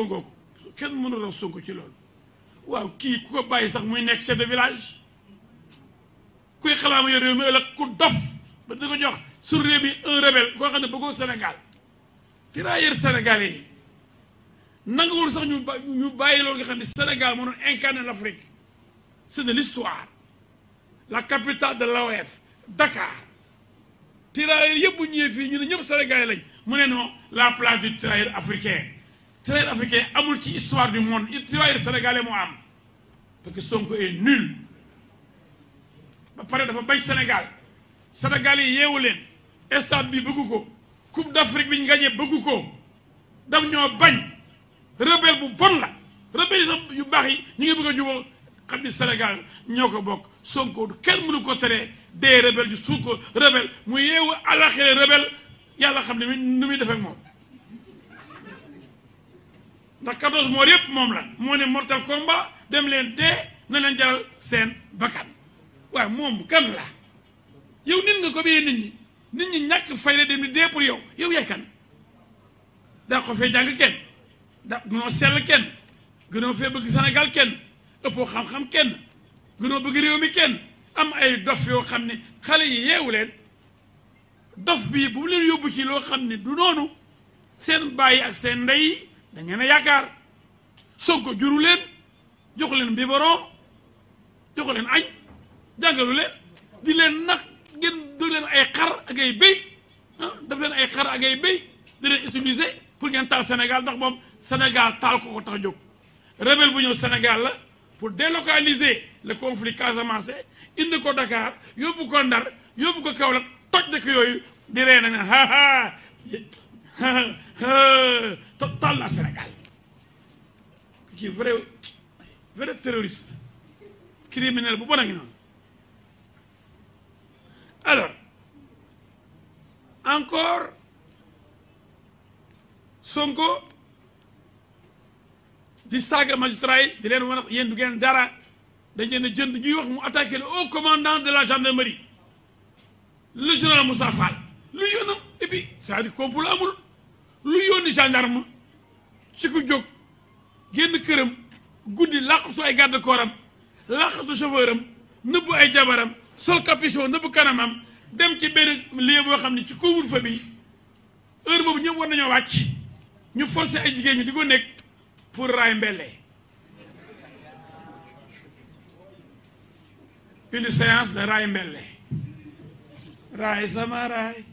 Sonko ngoo ko kenn mënul rax Sonko ci loolu waaw kii ku ko bàyyi sax muy nekk chef de village kuy xalaama yo réew mi ëllëg ku dof ba dina ko jox su réew mi un rebelle koo xam ne bëggoo Sénégal tirailleur sénégalais yi nanguwul sax ñu ñu bàyyi loolu nga xam ne Sénégal moo doon incarné l'Afrique c'est de l'histoire la capitale de l'AOF Dakar tirailleurs yëpp bu ñëwee fii ñu ne ñëpp sénégalais lañ mu ne non la place du tirailleur africain traite africain amul ci histoire du monde histoire sénégalais moo am parce que Sonko est nul ba pare dafa bañ Sénégal sénégalais yi yeewu leen stade bi bëggu ko coupe d'Afrique bi ñu gagné bëggu ko daf ñoo bañ rebelle bu bon la rebelle sax yu baax yi ñu ngi bëgg a jubóo xam ni Sénégal ñoo ko bokk Sonko kenn mënu ko teree dee rebelle ju suul ko rebelle mu yeewu alaxire rebelle yàlla xam ne nu muy defee ak moom. ndax 14 moor yëpp moom la moo ne mortal combat dem leen dee na leen jaral seen bakkan waaw moom kan la yow nit nga ko bee nit ñi nit ñi ñàkk fay la dem di dee pour yow yow yaay kan daa ko fee jàng kenn da gënoo sell kenn gënoo fee bëgg Sénégal kenn ëppoo xam-xam kenn gënoo bëgg réew mi kenn am ay dof yoo xam ne xale yi yeewu leen dof bi bu mu leen yóbbu ci loo xam ne du noonu seen bàyyi ak seen ndey dañ leen a yaakaar Sonko juru leen joxu leen biberon joxu leen añ jàngalu di leen nax ngeen doo leen ay xar ak ay béy ah, daf leen ay xar ak ay béy di leen utiliser pour ngeen taal Sénégal ndax moom Sénégal taal ko ko jóg rebelle bu ñëw Sénégal la pour délocaliser le conflit Casamance indi ko Dakar yóbbu ko Ndar yóbbu ko Kaolack toj dëkk yooyu di ree na ne ha ha total la Sénégal ki vrai vrai terroriste criminel bu bon noonu alors encore Sonko di saaga magistrat yi di leen wan yéen du ngeen dara dañ leen a jënd ñuy wax mu attaqué le haut commandant de la gendarmerie le général Moussa lu yoonam et puis cest à amul lu yónni gendarme ci ku jóg génn këram guddi làqatu ay garde corps am làqatu chauffeur nëbbu ay jabaram sol capuchon nëbbu kanamam dem ci benn lieu boo xam ne ci couvre-feu bi heure boobu ñëpp war nañoo wàcc ñu forcé ay jigéen ñi di ko nekk pour raay mbellee une séance de raay mbellee raay sama raay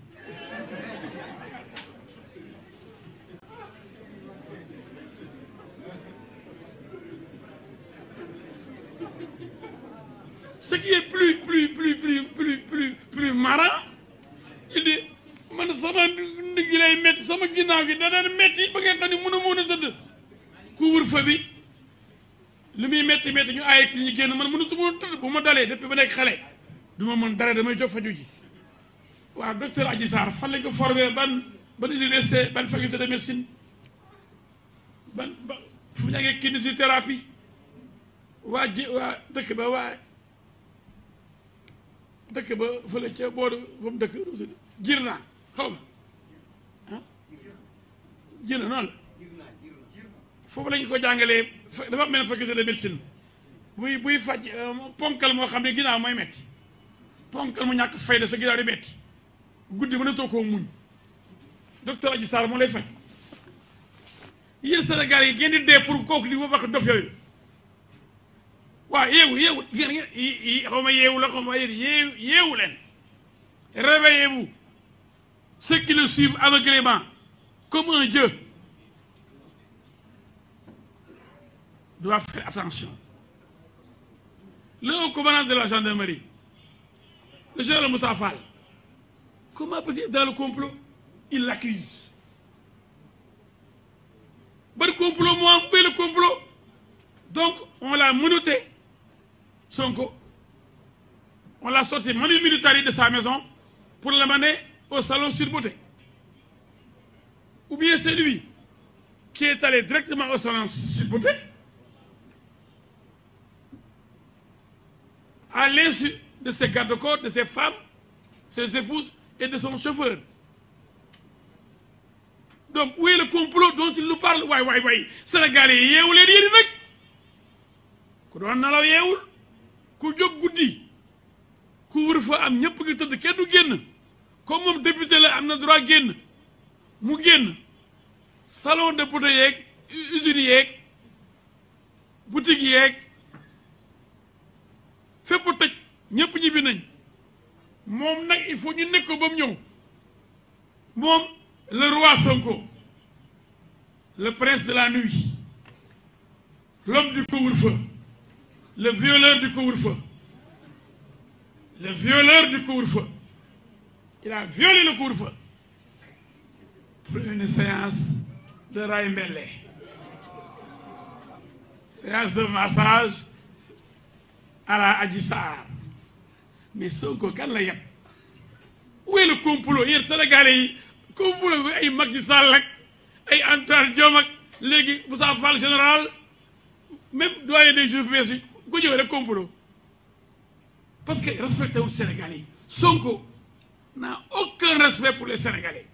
Ce qui est plus, plus, plus, plus, plus, plus, plus marrant, il dit, man sama ndigg lay métti sama ginnaaw gi da daan ba nga xam ne mën a mën a tëdd couvre-feu bi li muy métti métti ñu aaye ñu génn man mënatu ma tëdd bu ma dalee depuis ba nekk xale du ma mën dara damay jox faju ji waaw docteur Adji Sarr fan lañ ban université ban faculté de médecine ban ba fu mu jàngee kinésithérapie waa ji waa dëkk ba waa dëkk ba fële ca booru fa mu dëkk jiir naa xaw ma jiir ah? na noonu la foofu la ko jàngalee dafa mel ne faculté de médecine buy buy faj euh, ponkal moo xam ne ginnaaw mooy metti ponkal mu ñàkk fayda sa ginnaaw di metti guddi mënatoo koo muñ docteur Adji Sarr moo lay faj yéen Sénégal yi génn di dee pour kook di wax dof yooyu waaw yeewu yeewu xaw ma yeewu la xaw ma yeewu yeewu leen réveillez qui le suivent aveuglément comme un dieu doivent faire attention le haut de la gendarmerie le général Moussa Fall comment peut le complot il l'accuse ban complot moo am le complot donc on l'a menotté Sonko on l'a sorti manu militari de sa maison pour l'amener au salon Sud-Beauté ou bien c'est lui qui est allé directement au salon Sud-Beauté à l'insu de ses gardes-corps de ses femmes ses épouses et de son chauffeur donc où est le complot dont il nous parle waay waay waay Sénégalais yi yeewu leen yéen nag ku doon nalaw yeewul ku jóg guddi ku wër am ñëpp ngi tëdd kenn du génn kom moom député la am na droit génn mu génn salon de beauté yeeg usines yeeg boutique fépp tëj ñëpp ñibbi nañ moom nag il faut ñu nekk ko ba mu ñëw moom le roi Sonko le prince de la nuit l'homme du couvre-feu le violeur du couvre-feu le violeur du couvre-feu il a violé le couvre-feu pour séance de ray mbelle séance de massage à la Adji Sarr mais Sonko kan la yeb où est le complot yéen Sénégalais yi complot bi ay Macky Sall ay Antoine Diome ak léegi Moussa Fall général même doyen des juges bees yi ku ko ñëwee rek complot parce que respecté wul Sénégalais yi Sonko n'a aucun respect pour les Sénégalais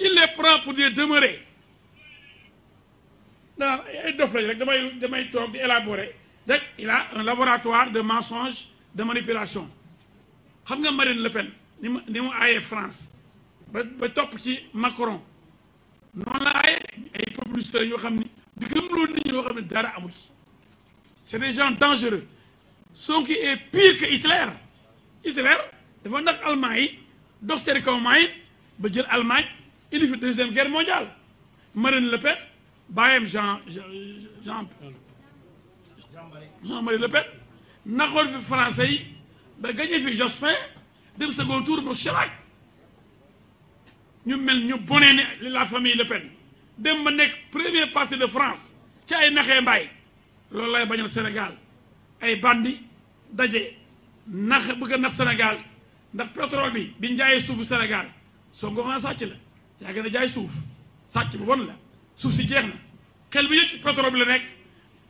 il les prend pour des demeurés daan ay dof lañ rek damay damay toog di élaborer rek il a un laboratoire de mensonge de manipulation xam nga Marine Le Pen ni mu ni mu aayee France ba ba topp ci Macron noonu la aayee ay populistes yoo xam ni di gëmloo nit ñi loo xam ne dara amu ci c'est des gens dangereux Sonko est pire que Hitler Hitler dafa ndax Allemagne yi dox seen kaw Allemagne ba jël Allemagne indi fi deuxième guerre mondiale Marine Le Pen bàyyam Jean Jean Jean Marie Le Pen naxoon fi français yi ba gagné fi Jospin dem second tour ba Chirac ñu mel ñu bonee ne la famille Le Pen dem ba nekk premier parti de France ci ay naxee mbaay loolu lay bañal Sénégal ay bandi daje nax bëgg a nax Sénégal ndax pétrole bi biñ jaayee suufu Sénégal soo ko mën sàcc la yaa gën a jaay suuf sàcc bu bon la suuf si jeex na xel bi yëpp pétrole bi la nekk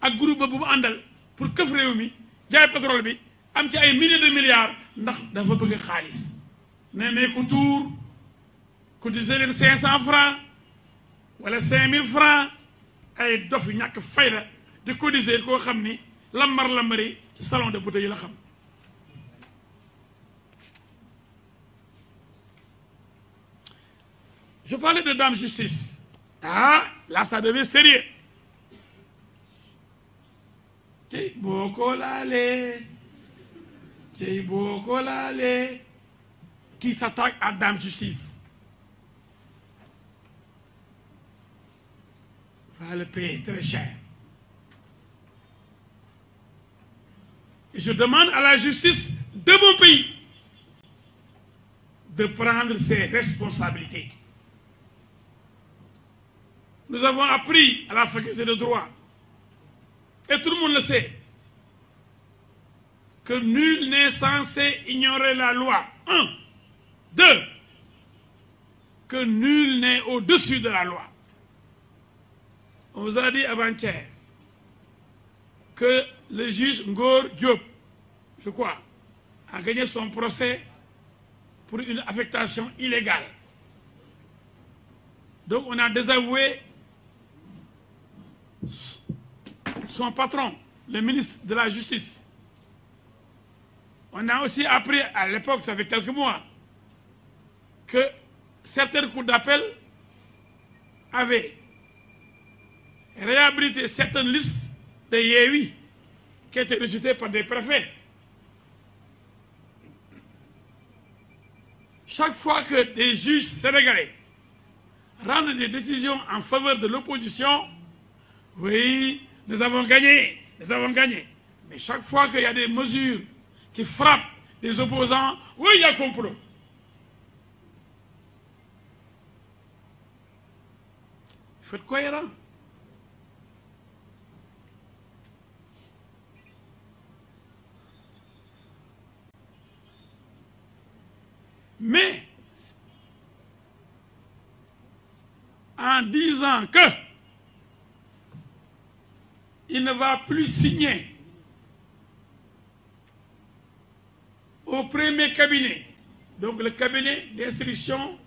ak groupe bu mu àndal pour këf réew mi jaay pétrole bi am ci ay milliers de milliards ndax dafa bëgg xaalis nee ne ku tuur cotiser leen cinq cent francs wala cinq mille francs ay dof yu ñàkk fayda di cotiser koo xam ni lambar lambari ci salon de beauté la xam je parlais de dame justice ah là ça devient sérieux tey boo ko laalee tey boo ko s'attaque à dame justice va le payer je demande à la justice de mon pays de prendre ses responsabilités. Nous avons appris à la faculté de droit, et tout le monde le sait, que nul n'est censé ignorer la loi. Un. Deux. Que nul n'est au-dessus de la loi. On vous a dit avant-hier que le juge Ngor Diop, je crois, son procès pour une affectation illégale. Donc on a désavoué son patron, le ministre de la Justice. On a aussi appris à l'époque, ça fait quelques mois, que certaines cours d'appel avaient réhabilité certaines listes de Yéhui qui a été par des préfets. Chaque fois que des juges sénégalais rendent des décisions en faveur de l'opposition, oui, nous avons gagné, nous avons gagné. Mais chaque fois qu'il y a des mesures qui frappent les opposants, oui, il y a complot. en disant que il ne va plus signer au premier cabinet, donc le cabinet d'instruction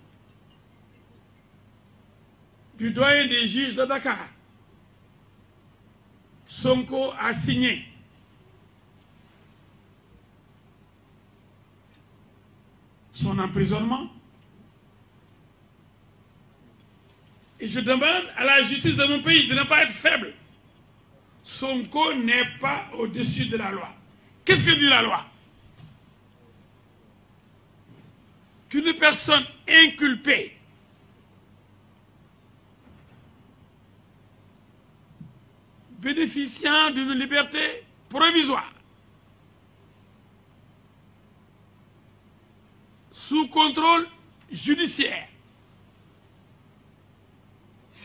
du doyen des juges de Dakar. Sonko a signé. Son emprisonnement Et je demande à la justice de mon pays de ne pas être faible. Sonko n'est pas au-dessus de la loi. Qu'est-ce que dit la loi Qu'une personne inculpée bénéficiant d'une liberté provisoire sous contrôle judiciaire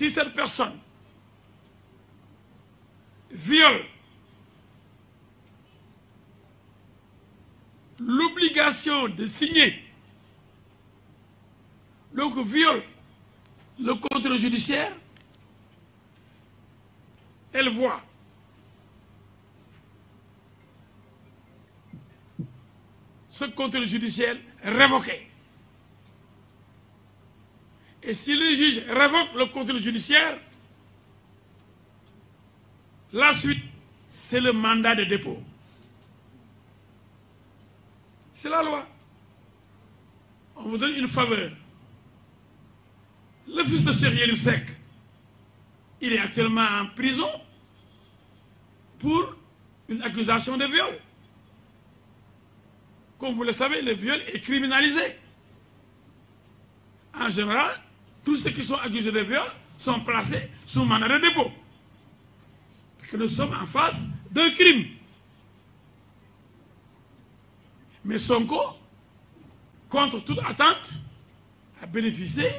si cette personne viole l'obligation de signer, donc viole le contrôle judiciaire, elle voit ce contrôle judiciaire révoqué. Et si le juge révoque le contrôle judiciaire, la suite, c'est le mandat de dépôt. C'est la loi. On vous donne une faveur. Le fils de Cheikh Yérim Seck, il est actuellement en prison pour une accusation de viol. Comme vous le savez, le viol est criminalisé. En général, tous ceux qui sont accusés de viol sont placés sous mandat de dépôt. Parce que nous sommes en face d'un crime. Mais Sonko, contre toute attente, a bénéficié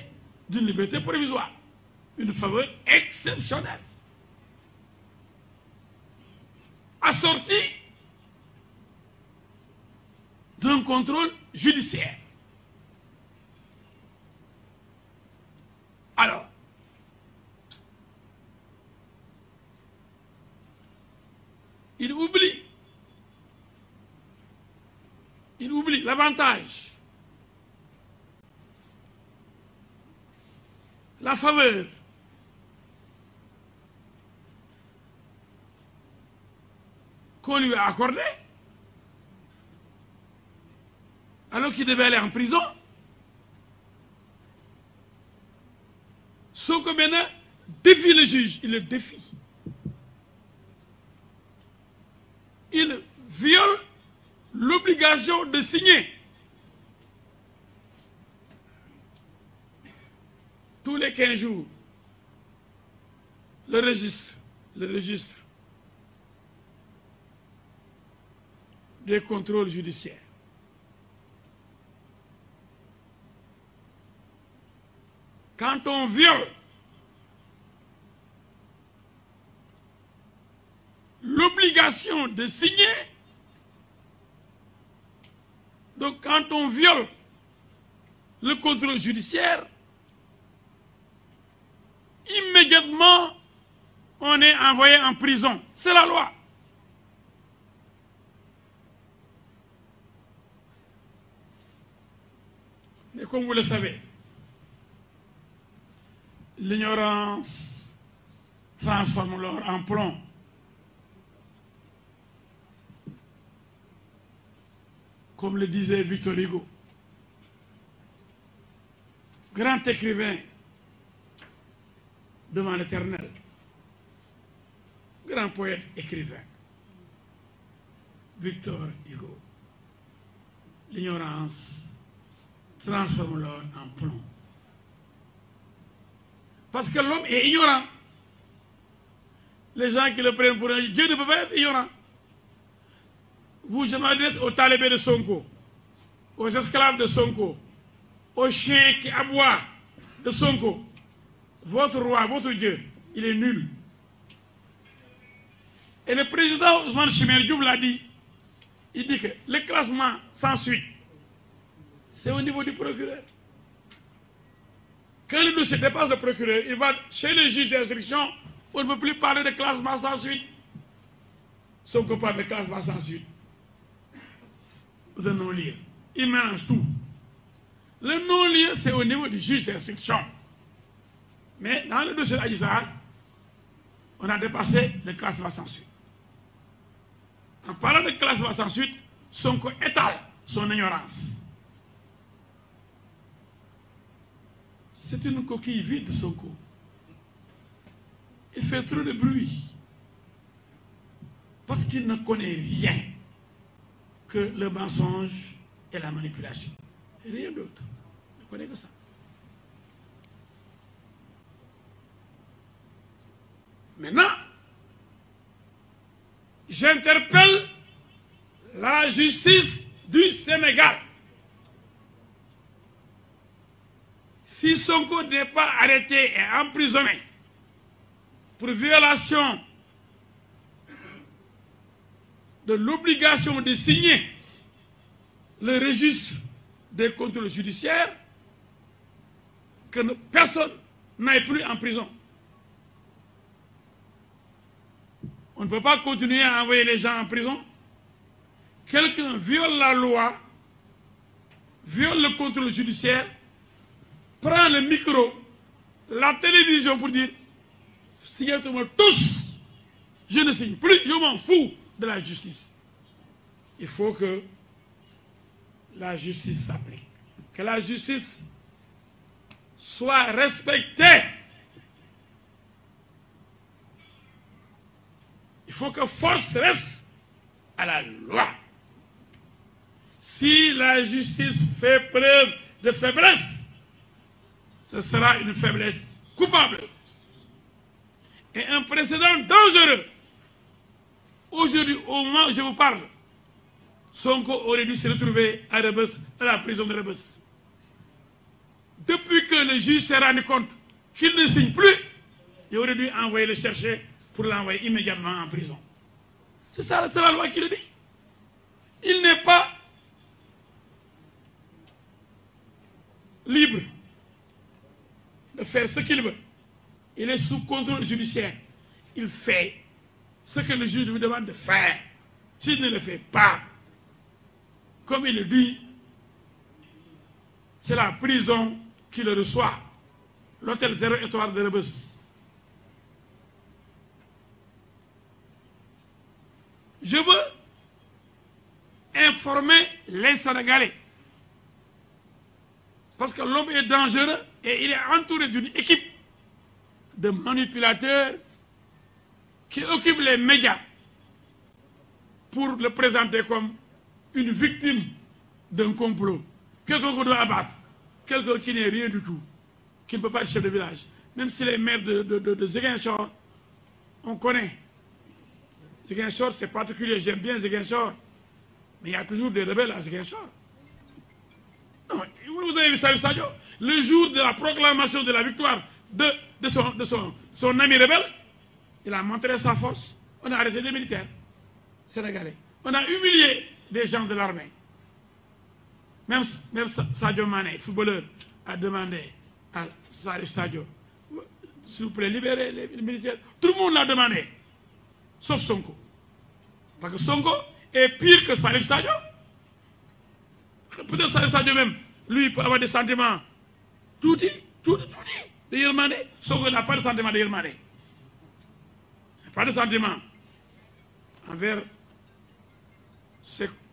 d'une liberté provisoire, une faveur exceptionnelle. Assortie d'un contrôle judiciaire. il oublie il oublie l'avantage la faveur qu'on lui a accordé alors qu'il devait aller en prison Sonko maintenant défie le juge il le défie il viole l'obligation de signer tous les quinze jours le registre le registre des contrôles judiciaires quand on viole l'obligation de signer. Donc quand on viole le contrôle judiciaire, immédiatement, on est envoyé en prison. C'est la loi. comme vous le savez, l'ignorance transforme l'or en plomb. comme le disait Victor Hugo grand écrivain devant l'éternel grand poète écrivain Victor Hugo l'ignorance transforme l'or en plomb parce que l'homme est ignorant les gens qui le prennent pour un dieu ne peut ignorant vous, je m'adresse aux talibés de Sonko, aux esclaves de Sonko, aux chiens qui aboient de Sonko. Votre roi, votre Dieu, il est nul. Et le président Ousmane Chimel Diouf dit. Il dit que le classement sans suite, c'est au niveau du procureur. Quand le dossier dépasse le procureur, il va chez le juge d'instruction, on ne peut plus parler de classement sans suite. Sauf qu'on de classement sans suite. the non-lieu. Il mélange tout. Le non-lieu, c'est au niveau du juge d'instruction. Mais dans le dossier d'Adji Sarr, on a dépassé le classement sans suite. En parlant de classement sans suite, Sonko étale son ignorance. C'est une coquille vide, Sonko. Il fait trop de bruit. Parce qu'il ne connaît rien. le mensonge et la manipulation. Et rien d'autre. ne connais que ça. Maintenant, j'interpelle la justice du Sénégal. Si Sonko n'est pas arrêté et emprisonné pour violation de l'obligation de signer le registre des contrôles judiciaires, que personne n'aille plus en prison. On ne peut pas continuer à envoyer les gens en prison. Quelqu'un viole la loi, viole le contrôle judiciaire, prend le micro, la télévision pour dire signez-moi tous, je ne signe plus, je m'en fous. de la justice. Il faut que la justice s'applique. Que la justice soit respectée. Il faut que force reste à la loi. Si la justice fait preuve de faiblesse, ce sera une faiblesse coupable et un précédent dangereux Aujourd'hui, au moment où je vous parle, Sonko aurait dû se retrouver à Rebeuss, à la prison de Rebeuss. Depuis que le juge s'est rendu compte qu'il ne signe plus, il aurait envoyer le chercher pour l'envoyer immédiatement en prison. C'est ça, loi qui le dit. Il n'est pas libre de faire ce qu'il veut. Il est sous contrôle judiciaire. Il fait ce que le juge lui demande de faire. S'il ne le fait pas, comme il dit, c'est la prison qui le reçoit, l'hôtel 0 étoile de Rebus. Je veux informer les Sénégalais. Parce que l'homme est dangereux et il est entouré d'une équipe de manipulateurs qui occupe les médias pour le présenter comme une victime d'un complot. Quelqu'un qu'on doit abattre, quelqu'un qui n'est rien du tout, qui ne peut pas être chef de village. Même si les maires de, de, de, de Zéguinchor, on connaît. Zéguinchor, c'est particulier, j'aime bien Zéguinchor. Mais il y a toujours des rebelles à Zéguinchor. Non, vous avez vu ça, le jour de la proclamation de la victoire de, de son, de son, son ami rebelle, Il a montré sa force. On a arrêté des militaires sénégalais. On a humilié des gens de l'armée. Même, même Sadio footballeur, a demandé à Salif Sadio, s'il vous plaît, libérez les militaires. Tout le monde l'a demandé, sauf Sonko. Parce que Sonko est pire que Salif Sadio. Peut-être Salif Sadio même, lui, peut avoir des sentiments tout dit, tout dit, de Yermané. Sonko n'a pas de sentiments de Yermané. pas de sentiment envers ces